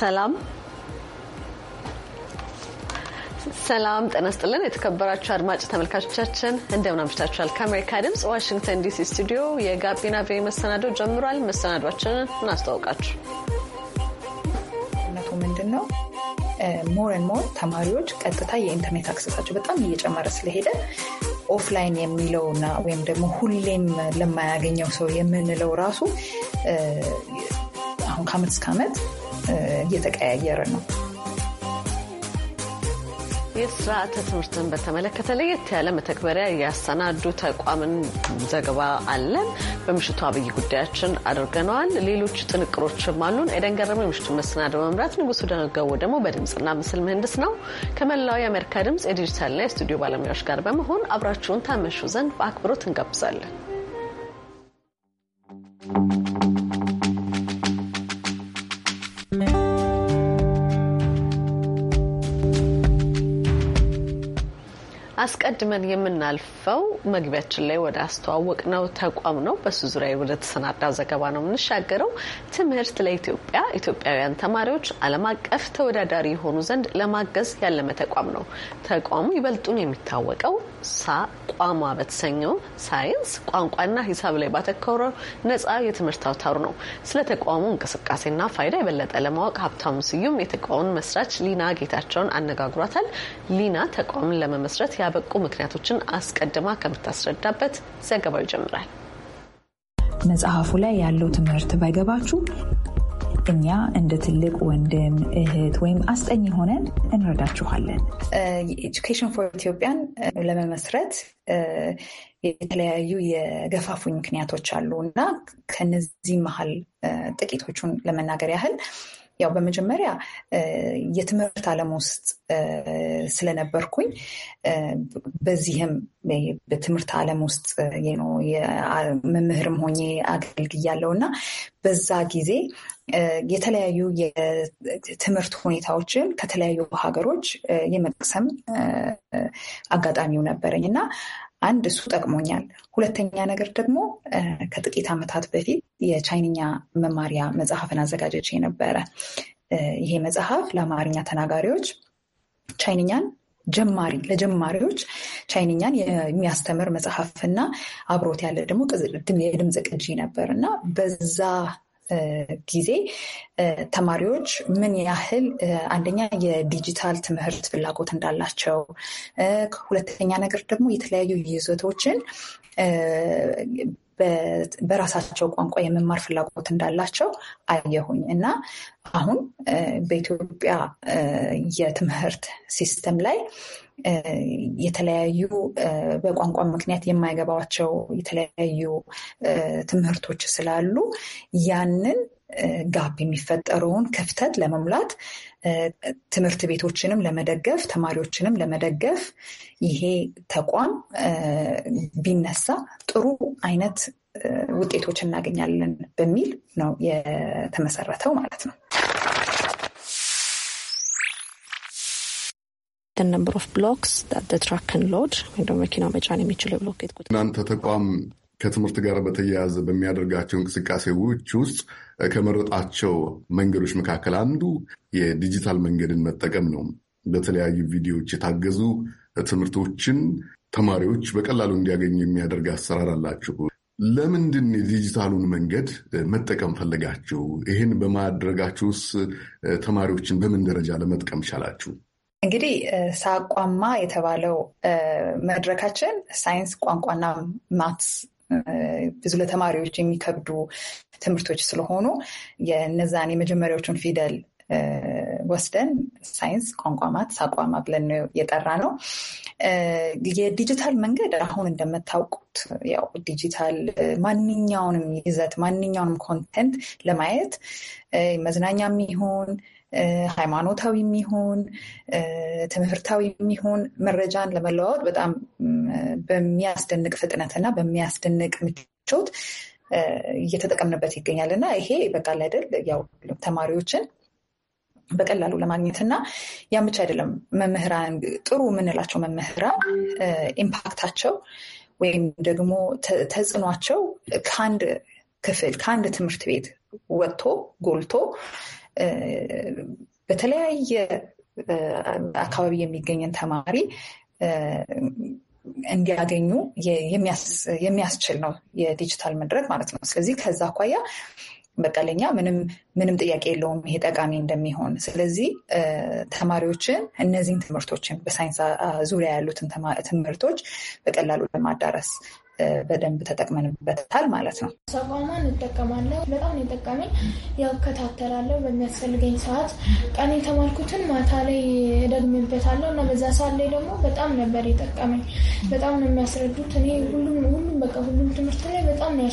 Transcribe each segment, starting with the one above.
ሰላም ሰላም ጤና ይስጥልን። የተከበራችሁ አድማጭ ተመልካቾቻችን እንደምን አምሽታችኋል? ከአሜሪካ ድምጽ ዋሽንግተን ዲሲ ስቱዲዮ የጋቢና ቪ መሰናዶ ጀምሯል። መሰናዷችንን እናስተዋውቃችሁ። ነቱ ምንድን ነው? ሞረን ሞር ተማሪዎች ቀጥታ የኢንተርኔት አክሰሳቸው በጣም እየጨመረ ስለሄደ ኦፍላይን የሚለውና ወይም ደግሞ ሁሌም ለማያገኘው ሰው የምንለው ራሱ አሁን ከአመት እስከ አመት እየተቀያየረ ነው። የስርዓተ ትምህርትን በተመለከተ ለየት ያለ መተግበሪያ ያሰናዱ ተቋምን ዘገባ አለን። በምሽቱ አብይ ጉዳያችን አድርገነዋል። ሌሎች ጥንቅሮችም አሉን። ኤደን ገረመ የምሽቱን መሰናዶ በመምራት ንጉሱ ደገቦ ደግሞ በድምፅና ምስል ምህንድስ ነው። ከመላው የአሜሪካ ድምፅ የዲጂታልና የስቱዲዮ ባለሙያዎች ጋር በመሆን አብራችሁን ታመሹ ዘንድ በአክብሮት እንጋብዛለን። አስቀድመን የምናልፈው መግቢያችን ላይ ወደ አስተዋወቅ ነው ተቋም ነው። በሱ ዙሪያ ወደ ተሰናዳ ዘገባ ነው የምንሻገረው። ትምህርት ለኢትዮጵያ ኢትዮጵያውያን ተማሪዎች ዓለም አቀፍ ተወዳዳሪ የሆኑ ዘንድ ለማገዝ ያለመ ተቋም ነው። ተቋሙ ይበልጡን የሚታወቀው ሳ ቋማ በተሰኘው ሳይንስ፣ ቋንቋና ሂሳብ ላይ ባተኮረው ነጻ የትምህርት አውታሩ ነው። ስለ ተቋሙ እንቅስቃሴና ፋይዳ የበለጠ ለማወቅ ሀብታሙ ስዩም የተቋሙን መስራች ሊና ጌታቸውን አነጋግሯታል። ሊና ተቋሙን ለመመስረት ያበቁ ምክንያቶችን አስቀድማ ከምታስረዳበት ዘገባው ይጀምራል። መጽሐፉ ላይ ያለው ትምህርት ባይገባችሁ እኛ እንደ ትልቅ ወንድም እህት ወይም አስጠኝ ሆነን እንረዳችኋለን። ኤጁኬሽን ፎር ኢትዮጵያን ለመመስረት የተለያዩ የገፋፉኝ ምክንያቶች አሉ እና ከነዚህ መሀል ጥቂቶቹን ለመናገር ያህል ያው በመጀመሪያ የትምህርት ዓለም ውስጥ ስለነበርኩኝ በዚህም በትምህርት ዓለም ውስጥ መምህርም ሆኜ አገልግያለሁ እና በዛ ጊዜ የተለያዩ የትምህርት ሁኔታዎችን ከተለያዩ ሀገሮች የመቅሰም አጋጣሚው ነበረኝ እና አንድ እሱ ጠቅሞኛል። ሁለተኛ ነገር ደግሞ ከጥቂት ዓመታት በፊት የቻይንኛ መማሪያ መጽሐፍን አዘጋጀች የነበረ ይሄ መጽሐፍ ለአማርኛ ተናጋሪዎች ቻይንኛን ጀማሪ ለጀማሪዎች ቻይንኛን የሚያስተምር መጽሐፍና አብሮት ያለ ደግሞ የድምፅ ቅጂ ነበር እና በዛ ጊዜ ተማሪዎች ምን ያህል አንደኛ የዲጂታል ትምህርት ፍላጎት እንዳላቸው፣ ሁለተኛ ነገር ደግሞ የተለያዩ ይዘቶችን በራሳቸው ቋንቋ የመማር ፍላጎት እንዳላቸው አየሁኝ እና አሁን በኢትዮጵያ የትምህርት ሲስተም ላይ የተለያዩ በቋንቋ ምክንያት የማይገባቸው የተለያዩ ትምህርቶች ስላሉ ያንን ጋፕ የሚፈጠረውን ክፍተት ለመሙላት ትምህርት ቤቶችንም ለመደገፍ ተማሪዎችንም ለመደገፍ ይሄ ተቋም ቢነሳ ጥሩ አይነት ውጤቶች እናገኛለን በሚል ነው የተመሰረተው ማለት ነው። መኪና መጫን የሚችል ብሎኬት ቁጥር እናንተ ተቋም ከትምህርት ጋር በተያያዘ በሚያደርጋቸው እንቅስቃሴዎች ውስጥ ከመረጣቸው መንገዶች መካከል አንዱ የዲጂታል መንገድን መጠቀም ነው። በተለያዩ ቪዲዮዎች የታገዙ ትምህርቶችን ተማሪዎች በቀላሉ እንዲያገኙ የሚያደርግ አሰራር አላችሁ። ለምንድን የዲጂታሉን መንገድ መጠቀም ፈለጋችሁ? ይህን በማድረጋችሁስ ተማሪዎችን በምን ደረጃ ለመጥቀም ቻላችሁ? እንግዲህ ሳቋማ የተባለው መድረካችን ሳይንስ ቋንቋና ማትስ ብዙ ለተማሪዎች የሚከብዱ ትምህርቶች ስለሆኑ የነዛን የመጀመሪያዎቹን ፊደል ወስደን ሳይንስ ቋንቋ ማትስ ሳቋማ ብለን የጠራ ነው። የዲጂታል መንገድ አሁን እንደምታውቁት ያው ዲጂታል ማንኛውንም ይዘት ማንኛውንም ኮንቴንት ለማየት መዝናኛም ይሁን ሃይማኖታዊ የሚሆን ትምህርታዊ የሚሆን መረጃን ለመለዋወጥ በጣም በሚያስደንቅ ፍጥነትና በሚያስደንቅ ምቾት እየተጠቀምንበት ይገኛል እና ይሄ በቃል አይደል ያው ተማሪዎችን በቀላሉ ለማግኘት እና ያም ብቻ አይደለም። መምህራን ጥሩ የምንላቸው መምህራን ኢምፓክታቸው ወይም ደግሞ ተጽዕኗቸው ከአንድ ክፍል ከአንድ ትምህርት ቤት ወጥቶ ጎልቶ በተለያየ አካባቢ የሚገኝን ተማሪ እንዲያገኙ የሚያስችል ነው የዲጂታል መድረክ ማለት ነው። ስለዚህ ከዛ አኳያ በቃ ለኛ ምንም ምንም ጥያቄ የለውም ይሄ ጠቃሚ እንደሚሆን። ስለዚህ ተማሪዎችን እነዚህን ትምህርቶችን በሳይንስ ዙሪያ ያሉትን ትምህርቶች በቀላሉ ለማዳረስ በደንብ ተጠቅመንበታል ማለት ነው። ሰቋማን እጠቀማለሁ። በጣም የጠቀመኝ ያው እከታተላለሁ በሚያስፈልገኝ ሰዓት ቀን የተማልኩትን ማታ ላይ እደግምበታለሁ እና በዛ ሰዓት ላይ ደግሞ በጣም ነበር የጠቀመኝ። በጣም ነው የሚያስረዱት። እኔ ሁሉም ሁሉም በቃ ሁሉም ትምህርት ላይ በጣም ነው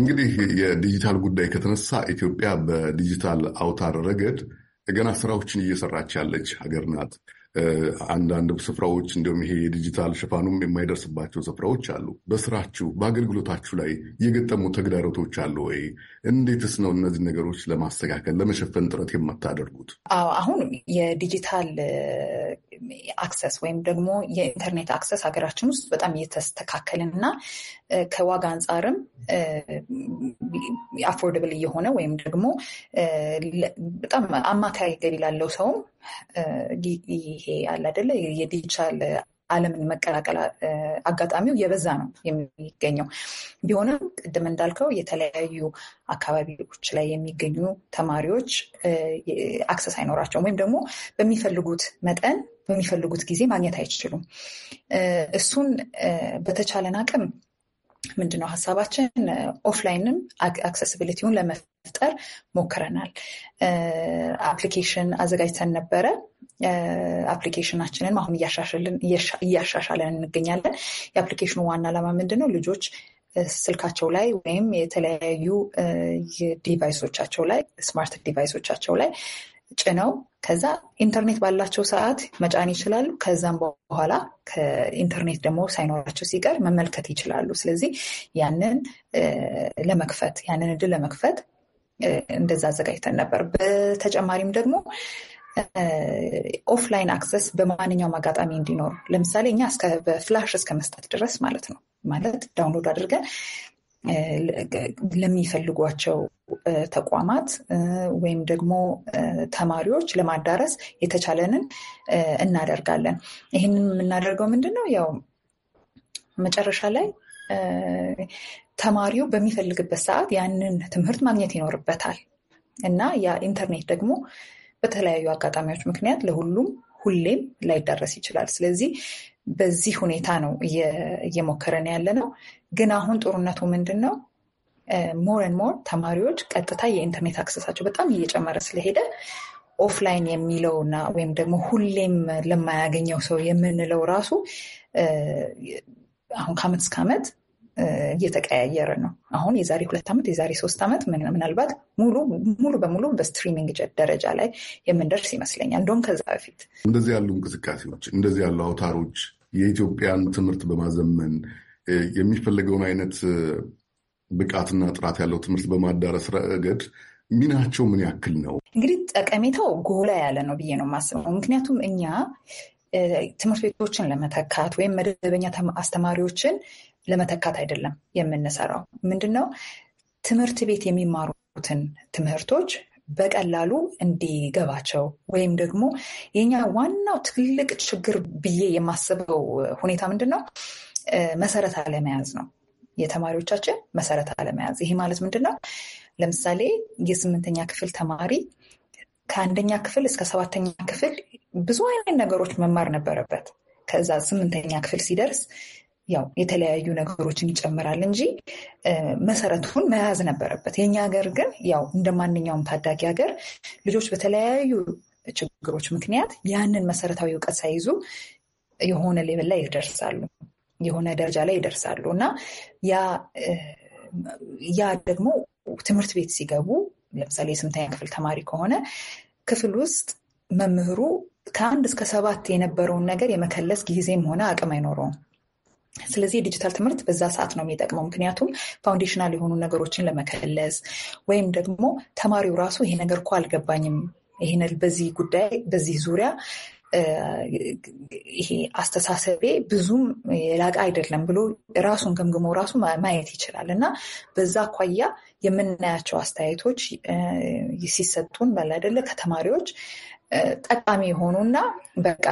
እንግዲህ የዲጂታል ጉዳይ ከተነሳ ኢትዮጵያ በዲጂታል አውታር ረገድ ገና ስራዎችን እየሰራች ያለች ሀገር ናት። አንዳንድ ስፍራዎች እንዲሁም ይሄ የዲጂታል ሽፋኑም የማይደርስባቸው ስፍራዎች አሉ። በስራችሁ በአገልግሎታችሁ ላይ የገጠሙ ተግዳሮቶች አሉ ወይ? እንዴትስ ነው እነዚህ ነገሮች ለማስተካከል ለመሸፈን ጥረት የምታደርጉት አሁን የዲጂታል አክሰስ ወይም ደግሞ የኢንተርኔት አክሰስ ሀገራችን ውስጥ በጣም እየተስተካከለ እና ከዋጋ አንጻርም አፎርደብል እየሆነ ወይም ደግሞ በጣም አማካይ ገቢ ላለው ሰውም ይሄ አላደለ የዲጂታል ዓለምን መቀላቀል አጋጣሚው የበዛ ነው የሚገኘው። ቢሆንም ቅድም እንዳልከው የተለያዩ አካባቢዎች ላይ የሚገኙ ተማሪዎች አክሰስ አይኖራቸውም ወይም ደግሞ በሚፈልጉት መጠን በሚፈልጉት ጊዜ ማግኘት አይችሉም። እሱን በተቻለን አቅም ምንድነው ሀሳባችን ኦፍላይንም አክሰስቢሊቲውን ለመፍጠር ሞክረናል። አፕሊኬሽን አዘጋጅተን ነበረ። አፕሊኬሽናችንን አሁን እያሻሻለን እንገኛለን። የአፕሊኬሽኑ ዋና ዓላማ ምንድነው? ልጆች ስልካቸው ላይ ወይም የተለያዩ ዲቫይሶቻቸው ላይ ስማርት ዲቫይሶቻቸው ላይ ጭነው ከዛ ኢንተርኔት ባላቸው ሰዓት መጫን ይችላሉ። ከዛም በኋላ ከኢንተርኔት ደግሞ ሳይኖራቸው ሲቀር መመልከት ይችላሉ። ስለዚህ ያንን ለመክፈት ያንን እድል ለመክፈት እንደዛ አዘጋጅተን ነበር። በተጨማሪም ደግሞ ኦፍላይን አክሰስ በማንኛውም አጋጣሚ እንዲኖር ለምሳሌ እኛ በፍላሽ እስከ መስጠት ድረስ ማለት ነው ማለት ዳውንሎድ አድርገን ለሚፈልጓቸው ተቋማት ወይም ደግሞ ተማሪዎች ለማዳረስ የተቻለንን እናደርጋለን። ይህንን የምናደርገው ምንድን ነው? ያው መጨረሻ ላይ ተማሪው በሚፈልግበት ሰዓት ያንን ትምህርት ማግኘት ይኖርበታል እና ያ ኢንተርኔት ደግሞ በተለያዩ አጋጣሚዎች ምክንያት ለሁሉም ሁሌም ላይዳረስ ይችላል። ስለዚህ በዚህ ሁኔታ ነው እየሞከረን ያለ ነው። ግን አሁን ጦርነቱ ምንድን ነው? ሞርን ሞር ተማሪዎች ቀጥታ የኢንተርኔት አክሰሳቸው በጣም እየጨመረ ስለሄደ ኦፍላይን እና ወይም ደግሞ ሁሌም ለማያገኘው ሰው የምንለው ራሱ አሁን ከአመት እስከ አመት እየተቀያየረ ነው። አሁን የዛሬ ሁለት ዓመት የዛሬ ሶስት ዓመት ምናልባት ሙሉ በሙሉ በስትሪሚንግ ደረጃ ላይ የምንደርስ ይመስለኛል። እንደውም ከዛ በፊት እንደዚህ ያሉ እንቅስቃሴዎች እንደዚህ ያሉ አውታሮች የኢትዮጵያን ትምህርት በማዘመን የሚፈለገውን አይነት ብቃትና ጥራት ያለው ትምህርት በማዳረስ ረገድ ሚናቸው ምን ያክል ነው? እንግዲህ ጠቀሜታው ጎላ ያለ ነው ብዬ ነው የማስበው። ምክንያቱም እኛ ትምህርት ቤቶችን ለመተካት ወይም መደበኛ አስተማሪዎችን ለመተካት አይደለም የምንሰራው። ምንድን ነው ትምህርት ቤት የሚማሩትን ትምህርቶች በቀላሉ እንዲገባቸው ወይም ደግሞ የኛ ዋናው ትልቅ ችግር ብዬ የማስበው ሁኔታ ምንድን ነው? መሰረት አለመያዝ ነው። የተማሪዎቻችን መሰረት አለመያዝ። ይሄ ማለት ምንድን ነው? ለምሳሌ የስምንተኛ ክፍል ተማሪ ከአንደኛ ክፍል እስከ ሰባተኛ ክፍል ብዙ አይነት ነገሮች መማር ነበረበት። ከዛ ስምንተኛ ክፍል ሲደርስ ያው የተለያዩ ነገሮችን ይጨምራል እንጂ መሰረቱን መያዝ ነበረበት። የኛ ሀገር ግን ያው እንደ ማንኛውም ታዳጊ ሀገር ልጆች በተለያዩ ችግሮች ምክንያት ያንን መሰረታዊ እውቀት ሳይዙ የሆነ ሌበል ላይ ይደርሳሉ፣ የሆነ ደረጃ ላይ ይደርሳሉ እና ያ ደግሞ ትምህርት ቤት ሲገቡ ለምሳሌ የስምንተኛ ክፍል ተማሪ ከሆነ ክፍል ውስጥ መምህሩ ከአንድ እስከ ሰባት የነበረውን ነገር የመከለስ ጊዜም ሆነ አቅም አይኖረውም። ስለዚህ የዲጂታል ትምህርት በዛ ሰዓት ነው የሚጠቅመው። ምክንያቱም ፋውንዴሽናል የሆኑ ነገሮችን ለመከለስ ወይም ደግሞ ተማሪው ራሱ ይሄ ነገር እኮ አልገባኝም፣ ይሄን በዚህ ጉዳይ በዚህ ዙሪያ ይሄ አስተሳሰቤ ብዙም የላቀ አይደለም ብሎ ራሱን ገምግሞ ራሱ ማየት ይችላል እና በዛ አኳያ የምናያቸው አስተያየቶች ሲሰጡን በላደለ ከተማሪዎች ጠቃሚ የሆኑና በቃ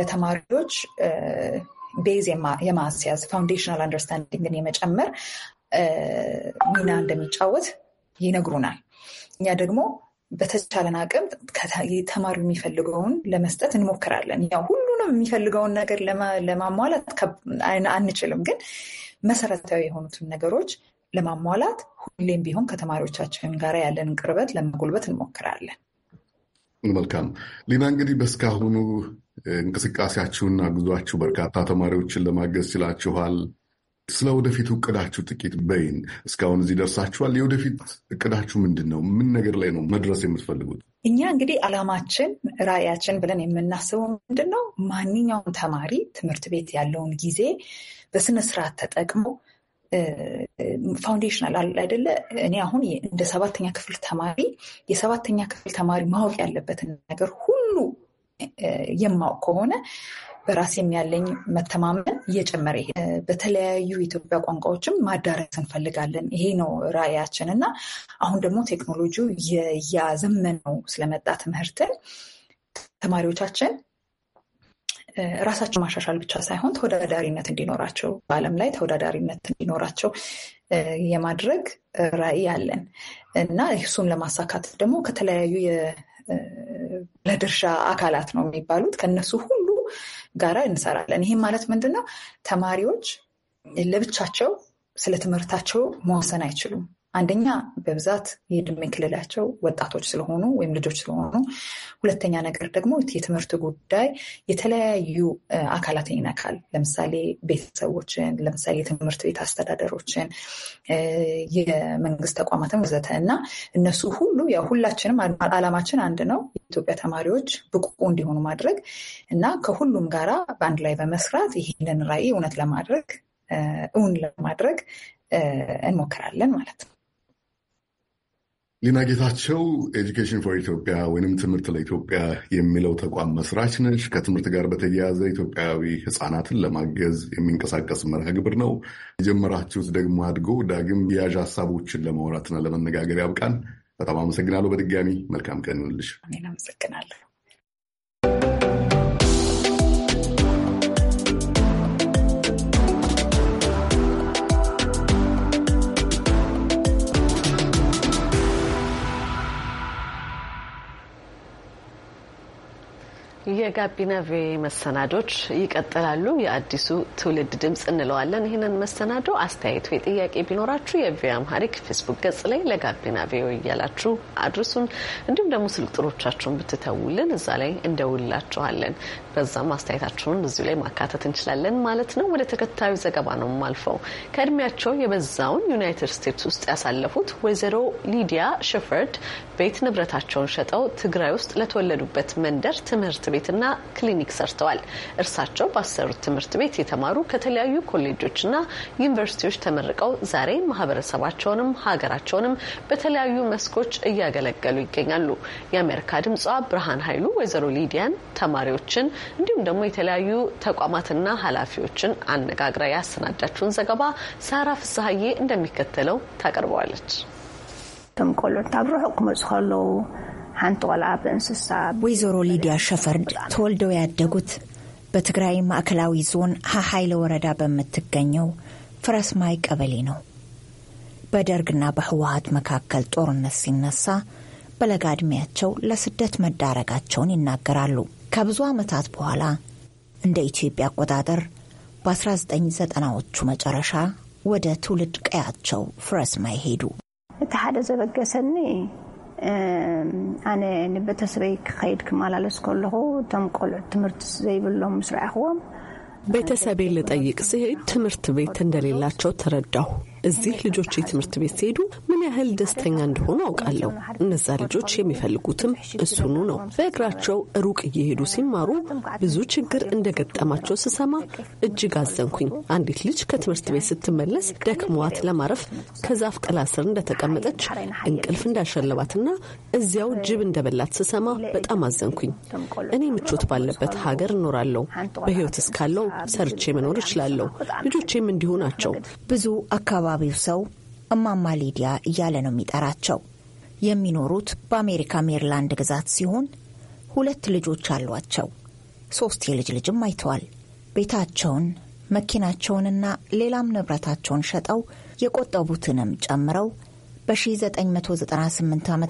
ለተማሪዎች ቤዝ የማስያዝ ፋውንዴሽናል አንደርስታንዲንግን የመጨመር ሚና እንደሚጫወት ይነግሩናል። እኛ ደግሞ በተቻለን አቅም ተማሪው የሚፈልገውን ለመስጠት እንሞክራለን። ያው ሁሉንም የሚፈልገውን ነገር ለማሟላት አንችልም፣ ግን መሰረታዊ የሆኑትን ነገሮች ለማሟላት ሁሌም ቢሆን ከተማሪዎቻችን ጋር ያለንን ቅርበት ለመጎልበት እንሞክራለን። መልካም ሊና፣ እንግዲህ በእስካሁኑ እንቅስቃሴያችሁና ጉዟችሁ በርካታ ተማሪዎችን ለማገዝ ችላችኋል። ስለ ወደፊት እቅዳችሁ ጥቂት በይን። እስካሁን እዚህ ደርሳችኋል። የወደፊት እቅዳችሁ ምንድን ነው? ምን ነገር ላይ ነው መድረስ የምትፈልጉት? እኛ እንግዲህ አላማችን ራዕያችን ብለን የምናስበው ምንድን ነው ማንኛውም ተማሪ ትምህርት ቤት ያለውን ጊዜ በስነስርዓት ተጠቅሞ ፋውንዴሽናል አለ አይደለ? እኔ አሁን እንደ ሰባተኛ ክፍል ተማሪ የሰባተኛ ክፍል ተማሪ ማወቅ ያለበትን ነገር ሁሉ የማውቅ ከሆነ በራስ የሚያለኝ መተማመን እየጨመረ ይሄ በተለያዩ የኢትዮጵያ ቋንቋዎችም ማዳረስ እንፈልጋለን። ይሄ ነው ራዕያችን እና አሁን ደግሞ ቴክኖሎጂው እያዘመነው ስለመጣ ትምህርትን ተማሪዎቻችን ራሳቸው ማሻሻል ብቻ ሳይሆን ተወዳዳሪነት እንዲኖራቸው በዓለም ላይ ተወዳዳሪነት እንዲኖራቸው የማድረግ ራዕይ አለን እና እሱን ለማሳካት ደግሞ ከተለያዩ ለድርሻ አካላት ነው የሚባሉት ከነሱ ሁሉ ጋራ እንሰራለን። ይህም ማለት ምንድነው ተማሪዎች ለብቻቸው ስለ ትምህርታቸው መወሰን አይችሉም። አንደኛ በብዛት የእድሜ ክልላቸው ወጣቶች ስለሆኑ ወይም ልጆች ስለሆኑ፣ ሁለተኛ ነገር ደግሞ የትምህርት ጉዳይ የተለያዩ አካላትን ይነካል። ለምሳሌ ቤተሰቦችን፣ ለምሳሌ የትምህርት ቤት አስተዳደሮችን፣ የመንግስት ተቋማትን ወዘተ እና እነሱ ሁሉ ያው ሁላችንም አላማችን አንድ ነው፣ የኢትዮጵያ ተማሪዎች ብቁ እንዲሆኑ ማድረግ እና ከሁሉም ጋራ በአንድ ላይ በመስራት ይህንን ራዕይ እውነት ለማድረግ እውን ለማድረግ እንሞክራለን ማለት ነው። ሊና ጌታቸው ኤጁኬሽን ፎር ኢትዮጵያ ወይንም ትምህርት ለኢትዮጵያ የሚለው ተቋም መስራች ነች። ከትምህርት ጋር በተያያዘ ኢትዮጵያዊ ሕፃናትን ለማገዝ የሚንቀሳቀስ መርሃ ግብር ነው የጀመራችሁት። ደግሞ አድጎ ዳግም የያዥ ሀሳቦችን ለማውራትና ለመነጋገር ያብቃን። በጣም አመሰግናለሁ። በድጋሚ መልካም ቀን ይሁንልሽ። አመሰግናለሁ። የጋቢና ቪ መሰናዶች ይቀጥላሉ። የአዲሱ ትውልድ ድምጽ እንለዋለን። ይህንን መሰናዶ አስተያየት ወይ ጥያቄ ቢኖራችሁ የቪ አምሃሪክ ፌስቡክ ገጽ ላይ ለጋቢና ቪ እያላችሁ አድርሱን። እንዲሁም ደግሞ ስልክ ጥሮቻችሁን ብትተውልን እዛ ላይ እንደውላችኋለን። በዛም አስተያየታችሁን እዚሁ ላይ ማካተት እንችላለን ማለት ነው። ወደ ተከታዩ ዘገባ ነው የማልፈው። ከእድሜያቸው የበዛውን ዩናይትድ ስቴትስ ውስጥ ያሳለፉት ወይዘሮ ሊዲያ ሽፈርድ ቤት ንብረታቸውን ሸጠው ትግራይ ውስጥ ለተወለዱበት መንደር ትምህርት ቤትና ክሊኒክ ሰርተዋል። እርሳቸው ባሰሩት ትምህርት ቤት የተማሩ ከተለያዩ ኮሌጆችና ዩኒቨርሲቲዎች ተመርቀው ዛሬ ማህበረሰባቸውንም ሀገራቸውንም በተለያዩ መስኮች እያገለገሉ ይገኛሉ። የአሜሪካ ድምጿ ብርሃን ኃይሉ ወይዘሮ ሊዲያን ተማሪዎችን እንዲሁም ደግሞ የተለያዩ ተቋማትና ኃላፊዎችን አነጋግራ ያሰናዳችውን ዘገባ ሳራ ፍስሀዬ እንደሚከተለው ታቀርበዋለች። እቶም ካልኦት ኣብ ርሑቅ ክመፁ ከለዉ ወይዘሮ ሊዲያ ሸፈርድ ተወልደው ያደጉት በትግራይ ማዕከላዊ ዞን ሀሀይለ ወረዳ በምትገኘው ፍረስማይ ቀበሌ ነው። በደርግና በህወሀት መካከል ጦርነት ሲነሳ በለጋ ዕድሜያቸው ለስደት መዳረጋቸውን ይናገራሉ። ከብዙ ዓመታት በኋላ እንደ ኢትዮጵያ አቆጣጠር በ1990ዎቹ መጨረሻ ወደ ትውልድ ቀያቸው ፍረስማይ ሄዱ። እቲ ሓደ ዘበገሰኒ ኣነ ንቤተሰበይ ክኸይድ ክመላለስ ከለኹ እቶም ቆልዑት ትምህርቲ ዘይብሎም ምስ ረኣኽዎም ቤተሰበይ ልጠይቅ ስሄድ ትምህርቲ ቤት እንደሌላቸው ተረዳሁ እዚህ ልጆች የትምህርት ቤት ሲሄዱ ምን ያህል ደስተኛ እንደሆኑ አውቃለሁ። እነዛ ልጆች የሚፈልጉትም እሱኑ ነው። በእግራቸው ሩቅ እየሄዱ ሲማሩ ብዙ ችግር እንደገጠማቸው ስሰማ እጅግ አዘንኩኝ። አንዲት ልጅ ከትምህርት ቤት ስትመለስ ደክመዋት ለማረፍ ከዛፍ ጥላ ስር እንደተቀመጠች እንቅልፍ እንዳሸለባትና እዚያው ጅብ እንደበላት ስሰማ በጣም አዘንኩኝ። እኔ ምቾት ባለበት ሀገር እኖራለሁ። በህይወት እስካለው ሰርቼ መኖር እችላለሁ። ልጆቼም እንዲሁ ናቸው። ብዙ አካባቢ የአካባቢው ሰው እማማ ሊዲያ እያለ ነው የሚጠራቸው። የሚኖሩት በአሜሪካ ሜሪላንድ ግዛት ሲሆን ሁለት ልጆች አሏቸው። ሶስት የልጅ ልጅም አይተዋል። ቤታቸውን መኪናቸውንና ሌላም ንብረታቸውን ሸጠው የቆጠቡትንም ጨምረው በ1998 ዓ ም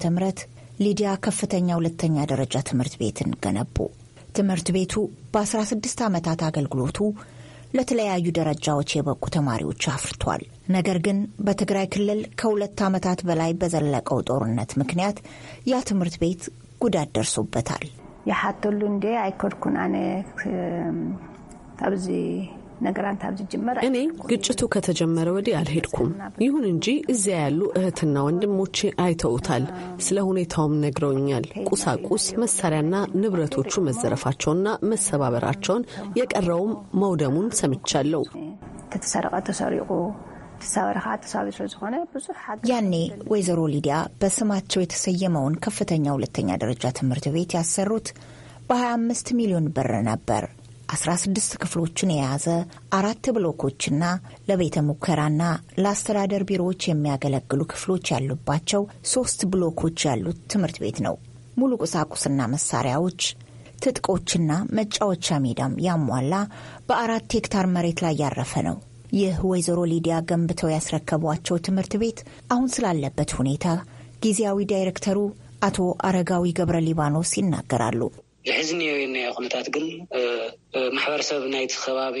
ሊዲያ ከፍተኛ ሁለተኛ ደረጃ ትምህርት ቤትን ገነቡ። ትምህርት ቤቱ በ16 ዓመታት አገልግሎቱ ለተለያዩ ደረጃዎች የበቁ ተማሪዎች አፍርቷል። ነገር ግን በትግራይ ክልል ከሁለት ዓመታት በላይ በዘለቀው ጦርነት ምክንያት ያ ትምህርት ቤት ጉዳት ደርሶበታል። ይሓተሉ እንዴ አይኮድኩን አነ ኣብዚ እኔ ግጭቱ ከተጀመረ ወዲህ አልሄድኩም። ይሁን እንጂ እዚያ ያሉ እህትና ወንድሞቼ አይተውታል። ስለ ሁኔታውም ነግረውኛል። ቁሳቁስ መሳሪያና ንብረቶቹ መዘረፋቸውና መሰባበራቸውን የቀረውም መውደሙን ሰምቻለሁ። ተሰረቀ ተሰሪቁ ያኔ ወይዘሮ ሊዲያ በስማቸው የተሰየመውን ከፍተኛ ሁለተኛ ደረጃ ትምህርት ቤት ያሰሩት በ25 ሚሊዮን ብር ነበር። 16 ክፍሎችን የያዘ አራት ብሎኮችና ለቤተ ሙከራና ለአስተዳደር ቢሮዎች የሚያገለግሉ ክፍሎች ያሉባቸው ሶስት ብሎኮች ያሉት ትምህርት ቤት ነው። ሙሉ ቁሳቁስና መሳሪያዎች፣ ትጥቆችና መጫወቻ ሜዳም ያሟላ በአራት ሄክታር መሬት ላይ ያረፈ ነው። ይህ ወይዘሮ ሊዲያ ገንብተው ያስረከቧቸው ትምህርት ቤት አሁን ስላለበት ሁኔታ ጊዜያዊ ዳይሬክተሩ አቶ አረጋዊ ገብረ ሊባኖስ ይናገራሉ። ዝሕዝንዮ ናይ ኩነታት ግን ማሕበረሰብ ናይቲ ከባቢ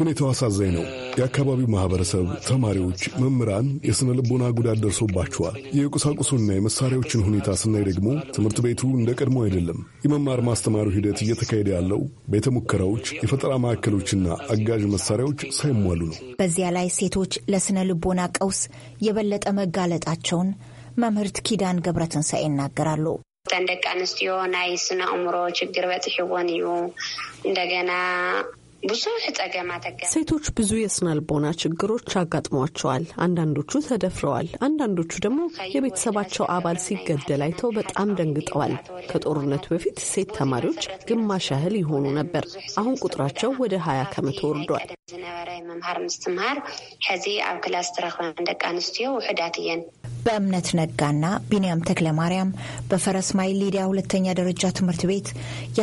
ሁኔታው አሳዛኝ ነው። የአካባቢው ማህበረሰብ፣ ተማሪዎች፣ መምህራን የሥነ ልቦና ጉዳት ደርሶባቸዋል። የቁሳቁሱና የመሳሪያዎችን ሁኔታ ስናይ ደግሞ ትምህርት ቤቱ እንደ ቀድሞ አይደለም። የመማር ማስተማሩ ሂደት እየተካሄደ ያለው ቤተ ሙከራዎች፣ የፈጠራ ማዕከሎችና አጋዥ መሳሪያዎች ሳይሟሉ ነው። በዚያ ላይ ሴቶች ለሥነ ልቦና ቀውስ የበለጠ መጋለጣቸውን መምህርት ኪዳን ገብረትን ትንሣኤ ይናገራሉ። እተን ደቂ ኣንስትዮ ናይ ስነ ኣእምሮ ችግር በፅሕዎን እዩ እንደገና ሴቶች ብዙ የስነልቦና ችግሮች አጋጥሟቸዋል። አንዳንዶቹ ተደፍረዋል። አንዳንዶቹ ደግሞ የቤተሰባቸው አባል ሲገደል አይተው በጣም ደንግጠዋል። ከጦርነቱ በፊት ሴት ተማሪዎች ግማሽ ያህል ይሆኑ ነበር። አሁን ቁጥራቸው ወደ ሀያ ከመቶ ወርዷል። በእምነት ነጋና ቢንያም ተክለ ማርያም በፈረስ ማይል ሊዲያ ሁለተኛ ደረጃ ትምህርት ቤት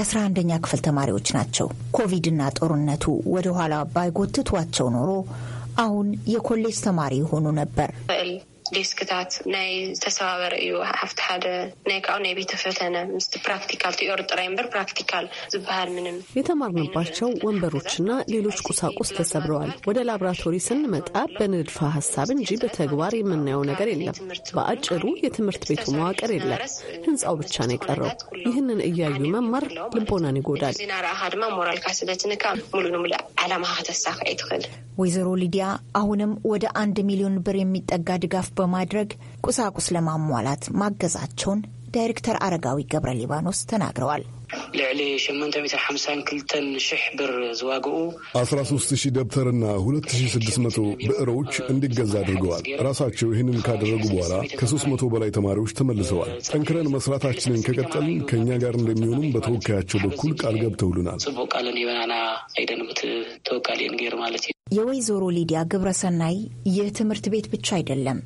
11 ኛ ክፍል ተማሪዎች ናቸው። ኮቪድና ጦርነት ወጣትነቱ ወደ ኋላ ባይጎትቷቸው ኖሮ አሁን የኮሌጅ ተማሪ ሆኑ ነበር። ዴስክታት ናይ ዝተሰባበረ እዩ ሃፍቲ ሓደ ናይ ካብኡ ናይ ቤተ ፈተነ ምስቲ ፕራክቲካል ትዮር ጥራይ እምበር ፕራክቲካል ዝበሃል ምንም የተማርንባቸው ወንበሮችና ሌሎች ቁሳቁስ ተሰብረዋል። ወደ ላብራቶሪ ስንመጣ በንድፈ ሀሳብ እንጂ በተግባር የምናየው ነገር የለም። በአጭሩ የትምህርት ቤቱ መዋቅር የለም፣ ህንፃው ብቻ ነው የቀረው። ይህንን እያዩ መማር ልቦናን ይጎዳል። ዜና ረኣኻ ድማ ሞራልካ ስለትንካ ሙሉ ንሙሉ ዓላማ ክተሳክዐ ይትክእል ወይዘሮ ሊዲያ አሁንም ወደ አንድ ሚሊዮን ብር የሚጠጋ ድጋፍ በማድረግ ቁሳቁስ ለማሟላት ማገዛቸውን ዳይሬክተር አረጋዊ ገብረ ሊባኖስ ተናግረዋል። ልዕሊ 852 ሽሕ ብር ዝዋግኡ 13000 ደብተርና 2600 ብዕሮች እንዲገዛ አድርገዋል። ራሳቸው ይህንን ካደረጉ በኋላ ከ300 በላይ ተማሪዎች ተመልሰዋል። ጠንክረን መስራታችንን ከቀጠልን ከእኛ ጋር እንደሚሆኑም በተወካያቸው በኩል ቃል ገብተውልናል። ጽቡቅ ቃልን የበናና አይደንምት ተወቃሊ ንጌር ማለት የወይዘሮ ሊዲያ ግብረሰናይ ይህ ትምህርት ቤት ብቻ አይደለም።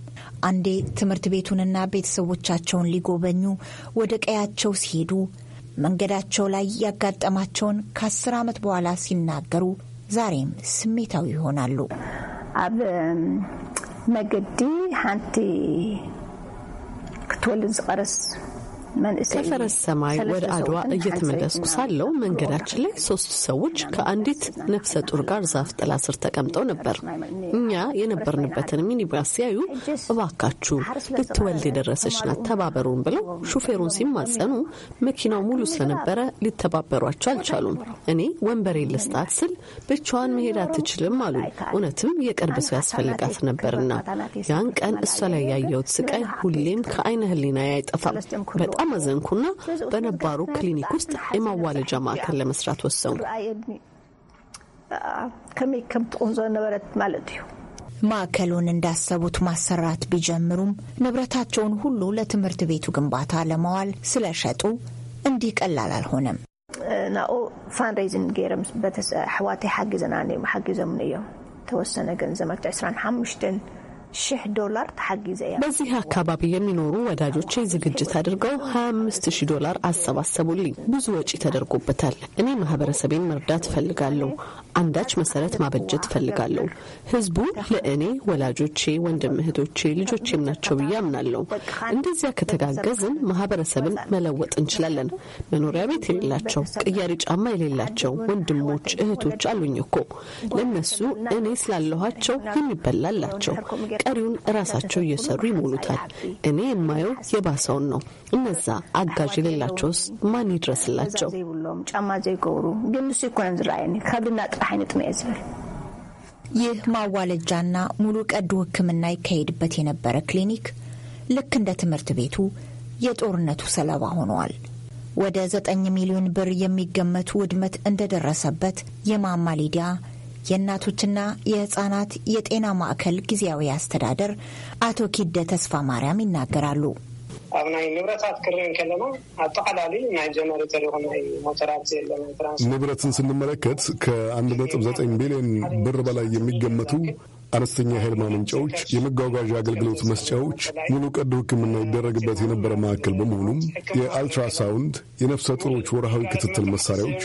አንዴ ትምህርት ቤቱንና ቤተሰቦቻቸውን ሊጎበኙ ወደ ቀያቸው ሲሄዱ መንገዳቸው ላይ ያጋጠማቸውን ከአስር ዓመት በኋላ ሲናገሩ ዛሬም ስሜታዊ ይሆናሉ። ኣብ መገዲ ሓንቲ ክትወልድ ዝቀረስ ከፈረስ ሰማይ ወደ አድዋ እየተመለስኩ ሳለው መንገዳችን ላይ ሶስት ሰዎች ከአንዲት ነፍሰ ጡር ጋር ዛፍ ጥላ ስር ተቀምጠው ነበር። እኛ የነበርንበትን ሚኒባስ ሲያዩ እባካችሁ ልትወልድ የደረሰች ናት ተባበሩን ብለው ሹፌሩን ሲማጸኑ መኪናው ሙሉ ስለነበረ ሊተባበሯቸው አልቻሉም። እኔ ወንበሬ ልስጣት ስል ብቻዋን መሄድ አትችልም አሉ። እውነትም የቅርብ ሰው ያስፈልጋት ነበርና ያን ቀን እሷ ላይ ያየሁት ስቃይ ሁሌም ከአይነ ህሊና አይጠፋም። በጣም አመዘንኩና በነባሩ ክሊኒክ ውስጥ የማዋለጃ ማዕከል ለመስራት ወሰንኩ። ከመይ ከም ትቆንዞ ነበረት ማለት እዩ ማዕከሉን እንዳሰቡት ማሰራት ቢጀምሩም ንብረታቸውን ሁሉ ለትምህርት ቤቱ ግንባታ ለማዋል ስለሸጡ እንዲህ ቀላል አልሆነም። ናብኡ ፋንሬይዝን ገይሮም ኣሕዋተይ ሓጊዘና ሓጊዞምን እዮም ተወሰነ ገንዘብ ኣብቲ 25 ሺህ ዶላር ተሓጊዘ እያ። በዚህ አካባቢ የሚኖሩ ወዳጆቼ ዝግጅት አድርገው 25 ሺህ ዶላር አሰባሰቡልኝ። ብዙ ወጪ ተደርጎበታል። እኔ ማህበረሰቤን መርዳት እፈልጋለሁ። አንዳች መሰረት ማበጀት እፈልጋለሁ። ህዝቡ ለእኔ ወላጆቼ፣ ወንድም እህቶቼ፣ ልጆቼም ናቸው ብዬ አምናለሁ። እንደዚያ ከተጋገዝን ማህበረሰብን መለወጥ እንችላለን። መኖሪያ ቤት የሌላቸው፣ ቅያሪ ጫማ የሌላቸው ወንድሞች እህቶች አሉኝ እኮ ለእነሱ እኔ ስላለኋቸው የሚበላላቸው ቀሪውን ራሳቸው እየሰሩ ይሞሉታል። እኔ የማየው የባሰውን ነው። እነዛ አጋዥ የሌላቸውስ ማን ይድረስላቸው? ይህ ማዋለጃና ሙሉ ቀዶ ሕክምና ይካሄድበት የነበረ ክሊኒክ ልክ እንደ ትምህርት ቤቱ የጦርነቱ ሰለባ ሆነዋል። ወደ ዘጠኝ ሚሊዮን ብር የሚገመቱ ውድመት እንደደረሰበት የማማ ሊዲያ የእናቶችና የህፃናት የጤና ማዕከል ጊዜያዊ አስተዳደር አቶ ኪደ ተስፋ ማርያም ይናገራሉ። ኣብ ናይ ንብረታት ክርአን ከለና ኣጠቃላለዩ ናይ ጀነሬተር ይኹን ናይ ሞተራት ዘለና ንብረትን ስንመለከት ከአንድ ነጥብ ዘጠኝ ቢልዮን ብር በላይ የሚገመቱ አነስተኛ የኃይል ማመንጫዎች፣ የመጓጓዣ አገልግሎት መስጫዎች፣ ሙሉ ቀዶ ሕክምና ይደረግበት የነበረ ማዕከል በመሆኑም የአልትራሳውንድ የነፍሰ ጥሮች ወርሃዊ ክትትል መሳሪያዎች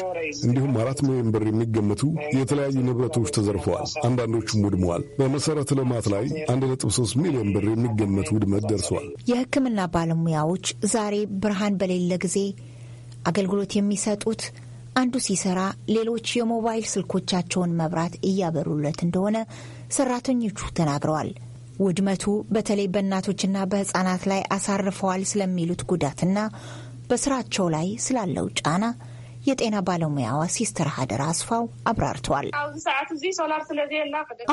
እንዲሁም አራት ሚሊዮን ብር የሚገመቱ የተለያዩ ንብረቶች ተዘርፈዋል። አንዳንዶቹም ውድመዋል። በመሰረተ ልማት ላይ 1.3 ሚሊዮን ብር የሚገመት ውድመት ደርሰዋል። የሕክምና ባለሙያዎች ዛሬ ብርሃን በሌለ ጊዜ አገልግሎት የሚሰጡት አንዱ ሲሰራ ሌሎች የሞባይል ስልኮቻቸውን መብራት እያበሩለት እንደሆነ ሰራተኞቹ ተናግረዋል። ውድመቱ በተለይ በእናቶችና በህፃናት ላይ አሳርፈዋል ስለሚሉት ጉዳትና በስራቸው ላይ ስላለው ጫና የጤና ባለሙያዋ ሲስተር ሀደር አስፋው አብራርተዋል።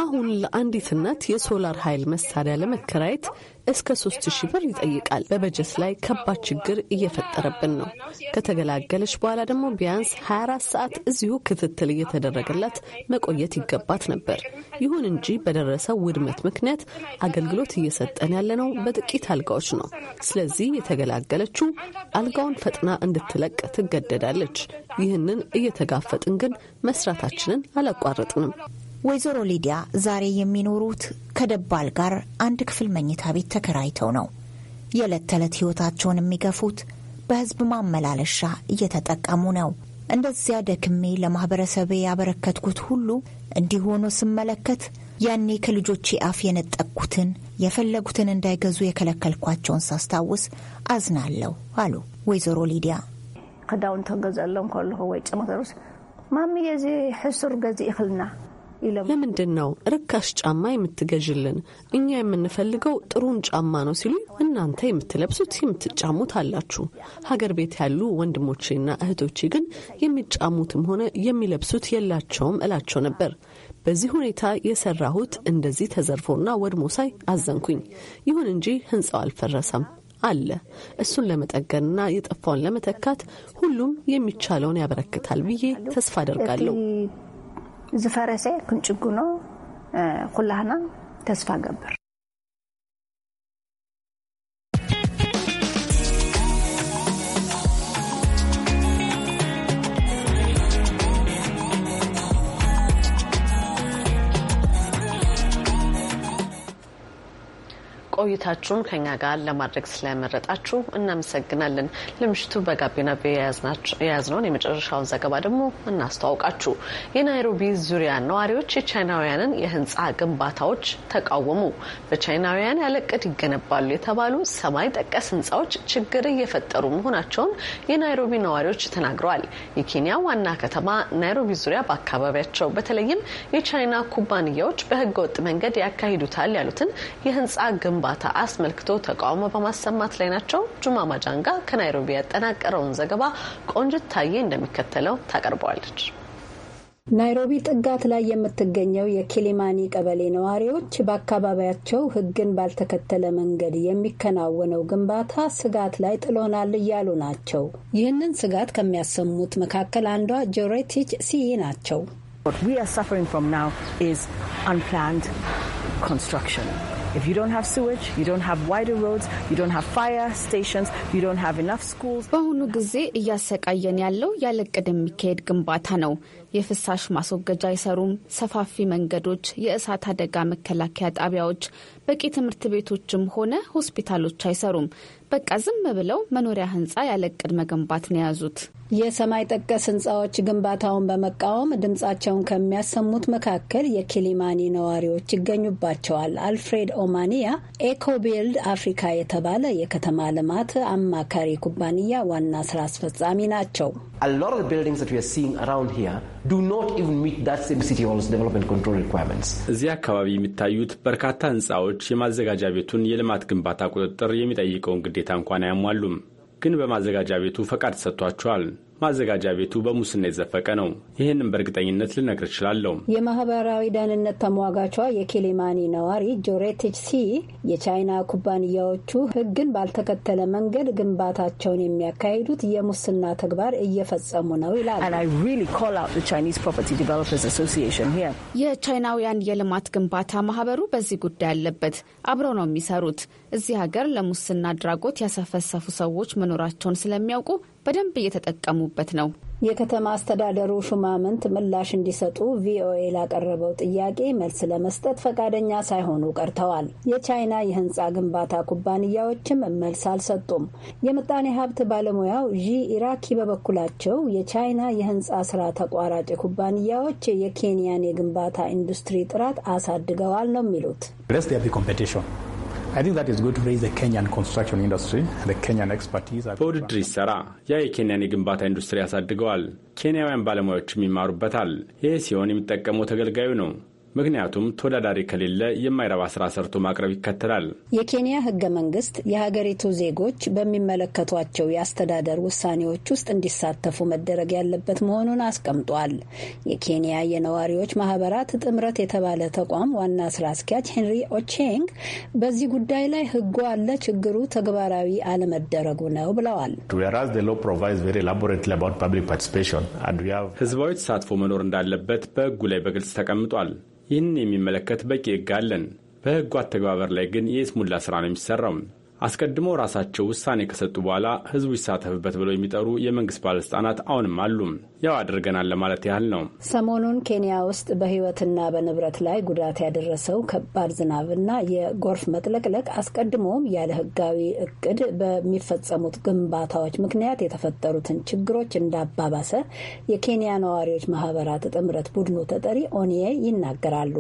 አሁን ለአንዲት እናት የሶላር ኃይል መሳሪያ ለመከራየት እስከ ሶስት ሺህ ብር ይጠይቃል። በበጀት ላይ ከባድ ችግር እየፈጠረብን ነው። ከተገላገለች በኋላ ደግሞ ቢያንስ 24 ሰዓት እዚሁ ክትትል እየተደረገላት መቆየት ይገባት ነበር። ይሁን እንጂ በደረሰው ውድመት ምክንያት አገልግሎት እየሰጠን ያለነው በጥቂት አልጋዎች ነው። ስለዚህ የተገላገለችው አልጋውን ፈጥና እንድትለቅ ትገደዳለች። ይህንን እየተጋፈጥን ግን መስራታችንን አላቋረጥንም። ወይዘሮ ሊዲያ ዛሬ የሚኖሩት ከደባል ጋር አንድ ክፍል መኝታ ቤት ተከራይተው ነው። የዕለት ተዕለት ሕይወታቸውን የሚገፉት በሕዝብ ማመላለሻ እየተጠቀሙ ነው። እንደዚያ ደክሜ ለማኅበረሰብ ያበረከትኩት ሁሉ እንዲህ ሆኖ ስመለከት ያኔ ከልጆቼ አፍ የነጠቅኩትን የፈለጉትን እንዳይገዙ የከለከልኳቸውን ሳስታውስ አዝናለሁ አሉ ወይዘሮ ሊዲያ። ክዳውን ተገዛሎም ከልኹ ወይ ጭመተሩስ ማሚ የዚ ሕሱር ገዚ ይኽልና ለምንድን ነው ርካሽ ጫማ የምትገዥልን? እኛ የምንፈልገው ጥሩን ጫማ ነው ሲሉ እናንተ የምትለብሱት የምትጫሙት አላችሁ። ሀገር ቤት ያሉ ወንድሞቼና እህቶቼ ግን የሚጫሙትም ሆነ የሚለብሱት የላቸውም እላቸው ነበር። በዚህ ሁኔታ የሰራሁት እንደዚህ ተዘርፎና ወድሞ ሳይ አዘንኩኝ። ይሁን እንጂ ህንፃው አልፈረሰም አለ። እሱን ለመጠገንና የጠፋውን ለመተካት ሁሉም የሚቻለውን ያበረክታል ብዬ ተስፋ አደርጋለሁ። ዝፈረሰ ክንጭግኖ ኩላህና ተስፋ ገብር ቆይታችሁን ከኛ ጋር ለማድረግ ስለመረጣችሁ እናመሰግናለን። ለምሽቱ በጋቢና የያዝነውን የመጨረሻውን ዘገባ ደግሞ እናስተዋውቃችሁ። የናይሮቢ ዙሪያ ነዋሪዎች የቻይናውያንን የህንፃ ግንባታዎች ተቃወሙ። በቻይናውያን ያለቅድ ይገነባሉ የተባሉ ሰማይ ጠቀስ ህንፃዎች ችግር እየፈጠሩ መሆናቸውን የናይሮቢ ነዋሪዎች ተናግረዋል። የኬንያ ዋና ከተማ ናይሮቢ ዙሪያ በአካባቢያቸው በተለይም የቻይና ኩባንያዎች በህገወጥ መንገድ ያካሂዱታል ያሉትን የህንፃ ግንባ ግንባታ አስመልክቶ ተቃውሞ በማሰማት ላይ ናቸው። ጁማ ማጃንጋ ከናይሮቢ ያጠናቀረውን ዘገባ ቆንጅት ታዬ እንደሚከተለው ታቀርበዋለች። ናይሮቢ ጥጋት ላይ የምትገኘው የኪሊማኒ ቀበሌ ነዋሪዎች በአካባቢያቸው ሕግን ባልተከተለ መንገድ የሚከናወነው ግንባታ ስጋት ላይ ጥሎናል እያሉ ናቸው። ይህንን ስጋት ከሚያሰሙት መካከል አንዷ ጆሬቲች ሲ ናቸው። If you don't have sewage, you don't have wider roads, you don't have fire stations, you don't have enough schools. በአሁኑ ጊዜ እያሰቃየን ያለው ያለቀደ የሚካሄድ ግንባታ ነው። የፍሳሽ ማስወገጃ አይሰሩም፣ ሰፋፊ መንገዶች፣ የእሳት አደጋ መከላከያ ጣቢያዎች፣ በቂ ትምህርት ቤቶችም ሆነ ሆስፒታሎች አይሰሩም። በቃ ዝም ብለው መኖሪያ ህንፃ ያለ እቅድ መገንባት ነው የያዙት። የሰማይ ጠቀስ ህንፃዎች ግንባታውን በመቃወም ድምፃቸውን ከሚያሰሙት መካከል የኪሊማኒ ነዋሪዎች ይገኙባቸዋል። አልፍሬድ ኦማኒያ ኤኮቢልድ አፍሪካ የተባለ የከተማ ልማት አማካሪ ኩባንያ ዋና ስራ አስፈጻሚ ናቸው። እዚህ አካባቢ የሚታዩት በርካታ ህንፃዎች የማዘጋጃ ቤቱን የልማት ግንባታ ቁጥጥር የሚጠይቀውን ግዴታ እንኳን አያሟሉም። ግን በማዘጋጃ ቤቱ ፈቃድ ሰጥቷቸዋል። ማዘጋጃ ቤቱ በሙስና የዘፈቀ ነው። ይህንም በእርግጠኝነት ልነግር እችላለሁ። የማህበራዊ ደህንነት ተሟጋቿ የኬሌማኒ ነዋሪ ጆሬቲች ሲ የቻይና ኩባንያዎቹ ሕግን ባልተከተለ መንገድ ግንባታቸውን የሚያካሂዱት የሙስና ተግባር እየፈጸሙ ነው ይላል። የቻይናውያን የልማት ግንባታ ማህበሩ በዚህ ጉዳይ አለበት። አብረው ነው የሚሰሩት። እዚህ ሀገር ለሙስና አድራጎት ያሰፈሰፉ ሰዎች መኖራቸውን ስለሚያውቁ በደንብ እየተጠቀሙ እየተጠቀሙበት ነው። የከተማ አስተዳደሩ ሹማምንት ምላሽ እንዲሰጡ ቪኦኤ ላቀረበው ጥያቄ መልስ ለመስጠት ፈቃደኛ ሳይሆኑ ቀርተዋል። የቻይና የህንፃ ግንባታ ኩባንያዎችም መልስ አልሰጡም። የምጣኔ ሀብት ባለሙያው ዢ ኢራኪ በበኩላቸው የቻይና የህንፃ ስራ ተቋራጭ ኩባንያዎች የኬንያን የግንባታ ኢንዱስትሪ ጥራት አሳድገዋል ነው የሚሉት። በውድድር ይሰራ። ያ የኬንያን የግንባታ ኢንዱስትሪ ያሳድገዋል። ኬንያውያን ባለሙያዎችም ይማሩበታል። ይህ ሲሆን የሚጠቀመው ተገልጋዩ ነው። ምክንያቱም ተወዳዳሪ ከሌለ የማይረባ ስራ ሰርቶ ማቅረብ ይከተላል። የኬንያ ህገ መንግስት የሀገሪቱ ዜጎች በሚመለከቷቸው የአስተዳደር ውሳኔዎች ውስጥ እንዲሳተፉ መደረግ ያለበት መሆኑን አስቀምጧል። የኬንያ የነዋሪዎች ማህበራት ጥምረት የተባለ ተቋም ዋና ስራ አስኪያጅ ሄንሪ ኦቼንግ በዚህ ጉዳይ ላይ ህጉ አለ፣ ችግሩ ተግባራዊ አለመደረጉ ነው ብለዋል። ህዝባዊ ተሳትፎ መኖር እንዳለበት በህጉ ላይ በግልጽ ተቀምጧል። ይህንን የሚመለከት በቂ ሕግ አለን። በሕጉ አተግባበር ላይ ግን የስሙላ ሥራ ነው የሚሠራው። አስቀድሞ ራሳቸው ውሳኔ ከሰጡ በኋላ ሕዝቡ ይሳተፍበት ብለው የሚጠሩ የመንግሥት ባለሥልጣናት አሁንም አሉም። ያው አድርገናል ለማለት ያህል ነው። ሰሞኑን ኬንያ ውስጥ በህይወትና በንብረት ላይ ጉዳት ያደረሰው ከባድ ዝናብና የጎርፍ መጥለቅለቅ አስቀድሞም ያለ ህጋዊ እቅድ በሚፈጸሙት ግንባታዎች ምክንያት የተፈጠሩትን ችግሮች እንዳባባሰ የኬንያ ነዋሪዎች ማህበራት ጥምረት ቡድኑ ተጠሪ ኦኒየ ይናገራሉ።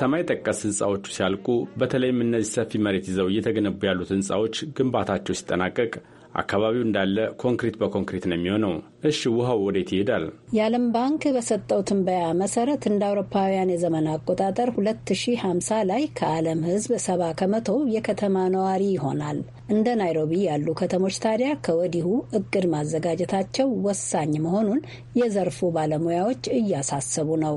ሰማይ ጠቀስ ህንፃዎቹ ሲያልቁ፣ በተለይም እነዚህ ሰፊ መሬት ይዘው እየተገነቡ ያሉት ህንፃዎች ግንባታቸው ሲጠናቀቅ አካባቢው እንዳለ ኮንክሪት በኮንክሪት ነው የሚሆነው። እሺ ውሃው ወዴት ይሄዳል? የዓለም ባንክ በሰጠው ትንበያ መሰረት እንደ አውሮፓውያን የዘመን አቆጣጠር 2050 ላይ ከዓለም ሕዝብ ሰባ ከመቶ የከተማ ነዋሪ ይሆናል። እንደ ናይሮቢ ያሉ ከተሞች ታዲያ ከወዲሁ እቅድ ማዘጋጀታቸው ወሳኝ መሆኑን የዘርፉ ባለሙያዎች እያሳሰቡ ነው።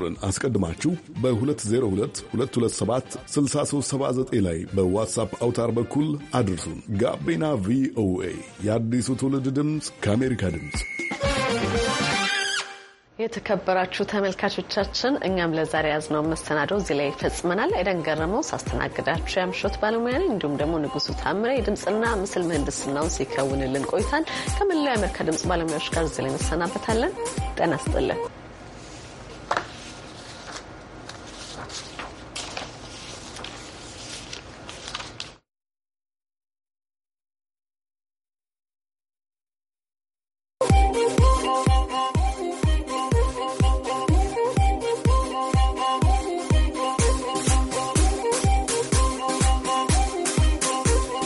ቁጥርን አስቀድማችሁ በ 6379 ላይ በዋትሳፕ አውታር በኩል አድርሱን። ጋቢና ቪኦኤ የአዲሱ ትውልድ ድምፅ ከአሜሪካ ድምፅ። የተከበራችሁ ተመልካቾቻችን እኛም ለዛሬ ያዝነው መሰናዶ እዚህ ላይ ይፈጽመናል። ኤደን ገረመው ሳስተናግዳችሁ ያምሾት ባለሙያ ነኝ። እንዲሁም ደግሞ ንጉሱ ታምረ የድምፅና ምስል ምህንድስናውን ሲከውንልን ቆይታን ከመላው የአሜሪካ ድምፅ ባለሙያዎች ጋር እዚህ ላይ እንሰናበታለን። ጤና ይስጥልን።